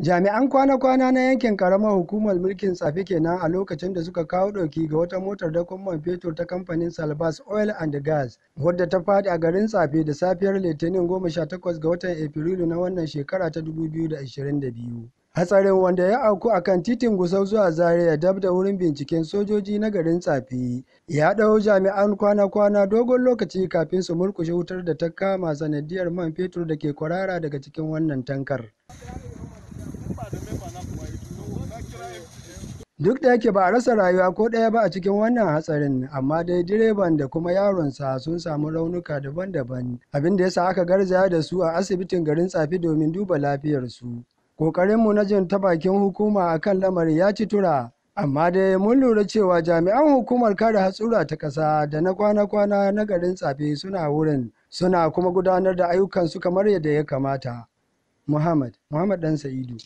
Jami'an kwana-kwana na yankin Ƙaramar Hukumar Mulkin tsafi kenan a lokacin da suka kawo ɗauki ga wata motar dakon man fetur ta kamfanin Salvas Oil and Gas, wadda ta faɗi a garin Tsafe da safiyar Litinin 18 ga watan Afrilu na wannan shekara ta 2022. Hatsarin wanda ya auku a kan titin Gusau zuwa Zaria dab da wurin binciken sojoji na garin Tsafi ya ɗau jami'an kwana-kwana dogon lokaci kafin su murkushe wutar da ta kama sanadiyar man fetur da ke kwarara daga cikin wannan tankar. Duk da yake ba a rasa rayuwa ko ɗaya ba a cikin wannan hatsarin, amma dai direban da kuma yaronsa sun samu raunuka daban-daban, abin da ya sa aka garzaya da su a asibitin garin Tsafi domin duba lafiyarsu. Ƙoƙarinmu na jin ta bakin hukuma a kan lamarin ya ci tura, amma dai mun lura cewa jami'an hukumar kare hatsura ta ƙasa da na kwana-kwana na garin Tsafi suna wurin, suna kuma gudanar da ayyukansu kamar yadda ya kamata. Muhammad, Muhammad ɗan Sa'idu.